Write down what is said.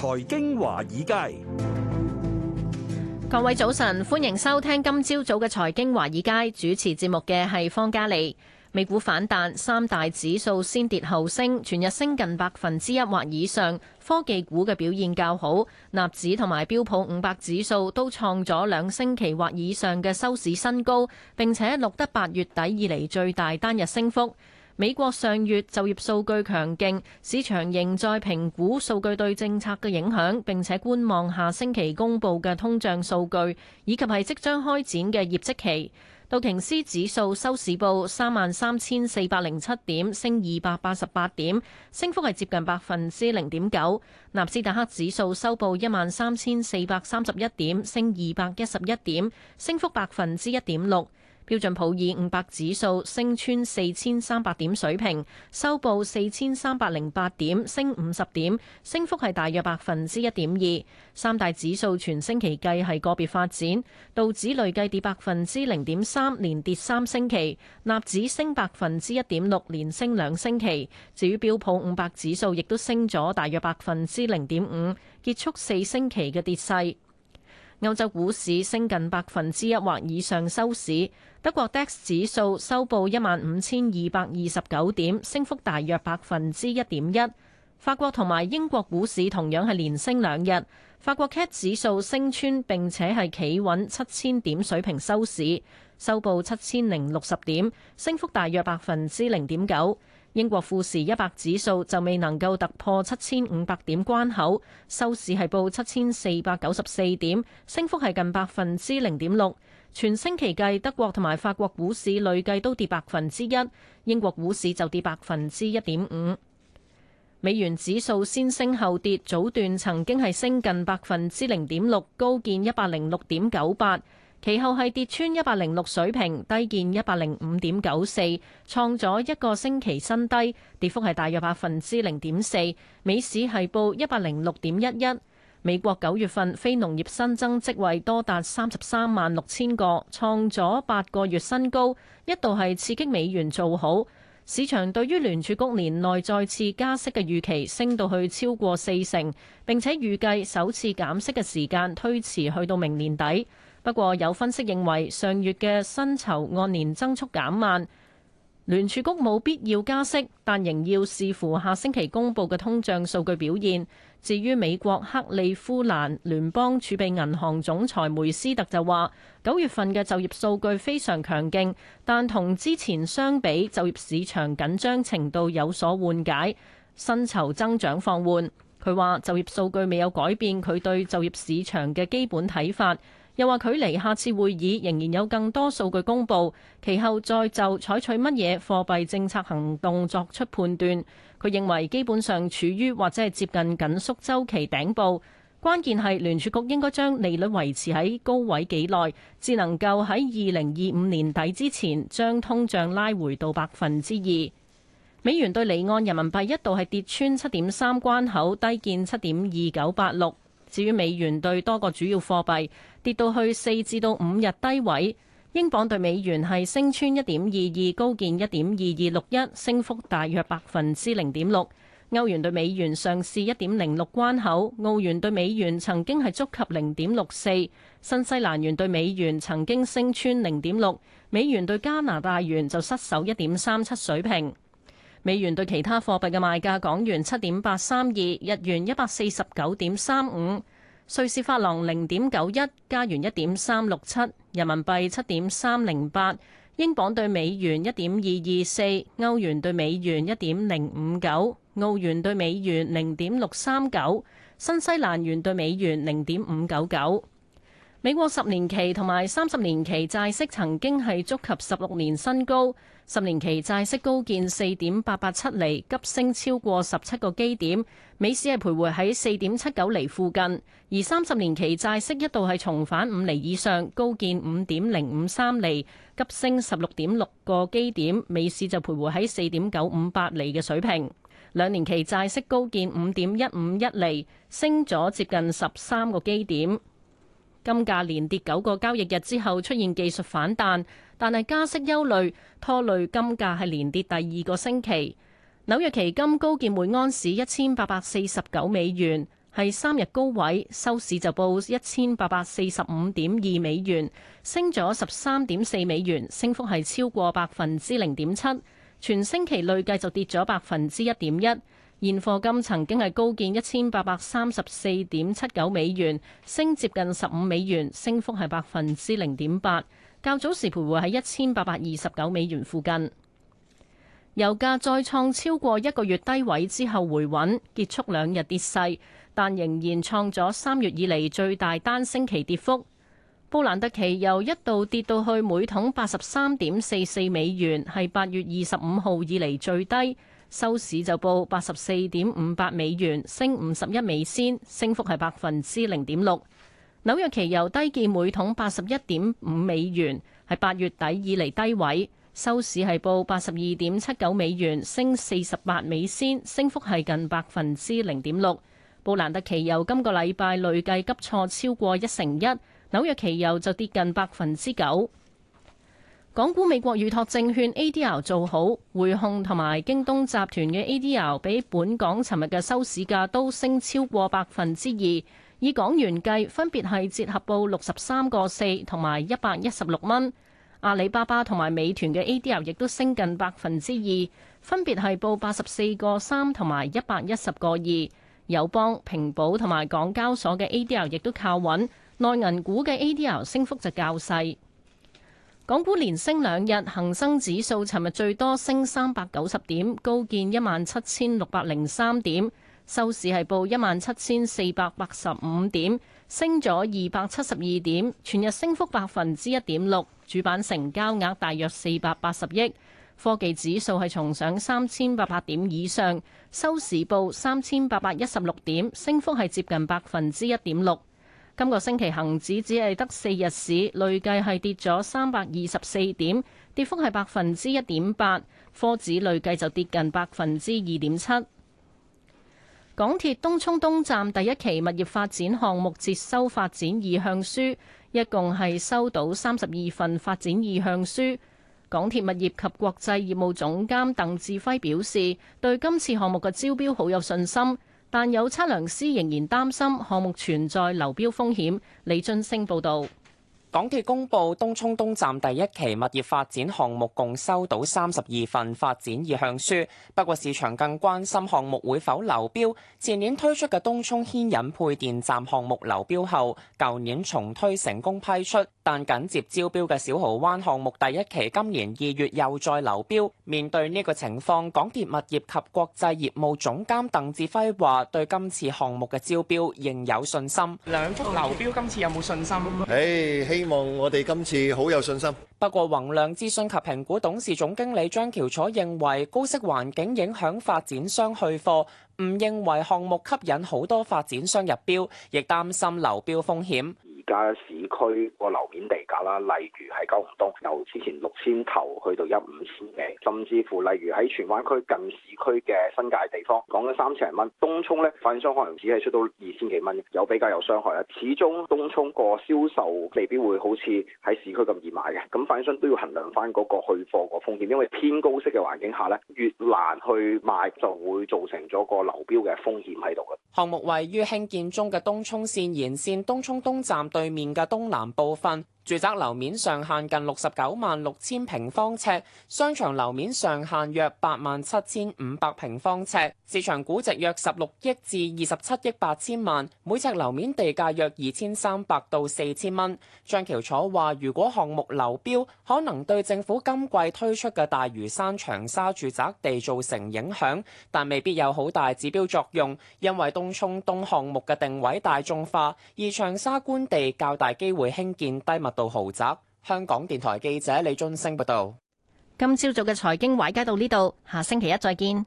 財經華爾街，各位早晨，歡迎收聽今朝早嘅財經華爾街。主持節目嘅係方嘉利，美股反彈，三大指數先跌後升，全日升近百分之一或以上。科技股嘅表現較好，納指同埋標普五百指數都創咗兩星期或以上嘅收市新高，並且錄得八月底以嚟最大單日升幅。美國上月就業數據強勁，市場仍在評估數據對政策嘅影響，並且觀望下星期公布嘅通脹數據，以及係即將開展嘅業績期。道瓊斯指數收市報三萬三千四百零七點，升二百八十八點，升幅係接近百分之零點九。納斯達克指數收報一萬三千四百三十一點，升二百一十一點，升幅百分之一點六。標準普爾五百指數升穿四千三百點水平，收報四千三百零八點，升五十點，升幅係大約百分之一點二。三大指數全星期計係個別發展，道指累計跌百分之零點三，連跌三星期；納指升百分之一點六，連升兩星期。至於標普五百指數亦都升咗大約百分之零點五，結束四星期嘅跌勢。歐洲股市升近百分之一或以上收市，德國 DAX 指數收報一萬五千二百二十九點，升幅大約百分之一點一。法國同埋英國股市同樣係連升兩日，法國 CAC 指數升穿並且係企穩七千點水平收市，收報七千零六十點，升幅大約百分之零點九。英國富時一百指數，就未能夠突破七千五百點關口，收市係報七千四百九十四點，升幅係近百分之零點六。全星期計，德國同埋法國股市累計都跌百分之一，英國股市就跌百分之一點五。美元指數先升後跌，早段曾經係升近百分之零點六，高見一百零六點九八。其後係跌穿一百零六水平，低見一百零五點九四，創咗一個星期新低，跌幅係大約百分之零點四。美市係報一百零六點一一。美國九月份非農業新增職位多達三十三萬六千個，創咗八個月新高，一度係刺激美元做好。市場對於聯儲局年內再次加息嘅預期升到去超過四成，並且預計首次減息嘅時間推遲去到明年底。不過，有分析認為上月嘅薪酬按年增速減慢，聯儲局冇必要加息，但仍要視乎下星期公佈嘅通脹數據表現。至於美國克利夫蘭聯邦儲備銀行總裁梅斯特就話：九月份嘅就業數據非常強勁，但同之前相比，就業市場緊張程度有所緩解，薪酬增長放緩。佢話就業數據未有改變佢對就業市場嘅基本睇法。又話距離下次會議仍然有更多數據公布，其後再就採取乜嘢貨幣政策行動作出判斷。佢認為基本上處於或者係接近緊縮週期頂部，關鍵係聯儲局應該將利率維持喺高位幾耐，至能夠喺二零二五年底之前將通脹拉回到百分之二。美元對離岸人民幣一度係跌穿七點三關口，低見七點二九八六。至於美元對多個主要貨幣跌到去四至到五日低位，英鎊對美元係升穿一點二二，高見一點二二六一，升幅大約百分之零點六。歐元對美元上試一點零六關口，澳元對美元曾經係觸及零點六四，新西蘭元對美元曾經升穿零點六，美元對加拿大元就失守一點三七水平。美元對其他貨幣嘅賣價：港元七點八三二，日元一百四十九點三五，瑞士法郎零點九一，加元一點三六七，人民幣七點三零八，英鎊對美元一點二二四，歐元對美元一點零五九，澳元對美元零點六三九，新西蘭元對美元零點五九九。美國十年期同埋三十年期債息曾經係觸及十六年新高。十年期債息高見四點八八七厘，急升超過十七個基點；美市係徘徊喺四點七九厘附近。而三十年期債息一度係重返五厘以上，高見五點零五三厘，急升十六點六個基點。美市就徘徊喺四點九五八厘嘅水平。兩年期債息高見五點一五一厘，升咗接近十三個基點。金價連跌九個交易日之後出現技術反彈，但係加息憂慮拖累金價係連跌第二個星期。紐約期金高見每盎司一千八百四十九美元，係三日高位，收市就報一千八百四十五點二美元，升咗十三點四美元，升幅係超過百分之零點七，全星期累計就跌咗百分之一點一。現貨金曾經係高見一千八百三十四點七九美元，升接近十五美元，升幅係百分之零點八。較早時徘徊喺一千八百二十九美元附近。油價再創超過一個月低位之後回穩，結束兩日跌勢，但仍然創咗三月以嚟最大單星期跌幅。布蘭特期油一度跌到去每桶八十三點四四美元，係八月二十五號以嚟最低。收市就報八十四點五八美元，升五十一美仙，升幅係百分之零點六。紐約期油低見每桶八十一點五美元，係八月底以嚟低位，收市係報八十二點七九美元，升四十八美仙，升幅係近百分之零點六。布蘭特期油今個禮拜累計急挫超過一成一，紐約期油就跌近百分之九。港股美國預託證券 ADR 做好，匯控同埋京東集團嘅 ADR 比本港尋日嘅收市價都升超過百分之二，以港元計分別係折合報六十三個四同埋一百一十六蚊。阿里巴巴同埋美團嘅 ADR 亦都升近百分之二，分別係報八十四個三同埋一百一十個二。友邦、平保同埋港交所嘅 ADR 亦都靠穩，內銀股嘅 ADR 升幅就較細。港股連升兩日，恒生指數尋日最多升三百九十點，高見一萬七千六百零三點，收市係報一萬七千四百八十五點，升咗二百七十二點，全日升幅百分之一點六，主板成交額大約四百八十億。科技指數係重上三千八百點以上，收市報三千八百一十六點，升幅係接近百分之一點六。今個星期恒指只係得四日市，累計係跌咗三百二十四點，跌幅係百分之一點八。科指累計就跌近百分之二點七。港鐵東涌東站第一期物業發展項目接收發展意向書，一共係收到三十二份發展意向書。港鐵物業及國際業務總監鄧志輝表示，對今次項目嘅招標好有信心。但有測量師仍然擔心項目存在流標風險。李俊升報導。港鐵公布東涌東站第一期物業發展項目共收到三十二份發展意向書。不過市場更關心項目會否流標。前年推出嘅東涌牽引配電站項目流標後，舊年重推成功批出，但緊接招標嘅小濠灣項目第一期今年二月又再流標。面對呢個情況，港鐵物業及國際業務總監鄧志輝話對今次項目嘅招標仍有信心。兩幅流標，今次有冇信心？誒，希。希望我哋今次好有信心。不過，宏亮資訊及評估董事總經理張喬楚認為，高息環境影響發展商去貨，唔認為項目吸引好多發展商入標，亦擔心流標風險。而家市區個樓面地價啦，例如喺九龍東由之前六千頭去到一五千幾，甚至乎例如喺荃灣區近市區嘅新界地方，講緊三千零蚊，東涌咧，發展商可能只係出到二千幾蚊，有比較有傷害啦。始終東涌個銷售未必會好似喺市區咁易買嘅，咁發展商都要衡量翻嗰個去貨個風險，因為偏高息嘅環境下咧，越難去賣就會造成咗個流標嘅風險喺度嘅。項目位於興建中嘅東涌線延線東涌東站對面嘅東南部分。住宅樓面上限近六十九萬六千平方尺，商場樓面上限約八萬七千五百平方尺，市場估值約十六億至二十七億八千萬，每尺樓面地價約二千三百到四千蚊。張橋楚話：如果項目流標可能對政府今季推出嘅大嶼山長沙住宅地造成影響，但未必有好大指標作用，因為東涌東項目嘅定位大眾化，而長沙官地較大機會興建低密度到豪宅。香港電台記者李俊升報道。今朝早嘅財經華爾街到呢度，下星期一再見。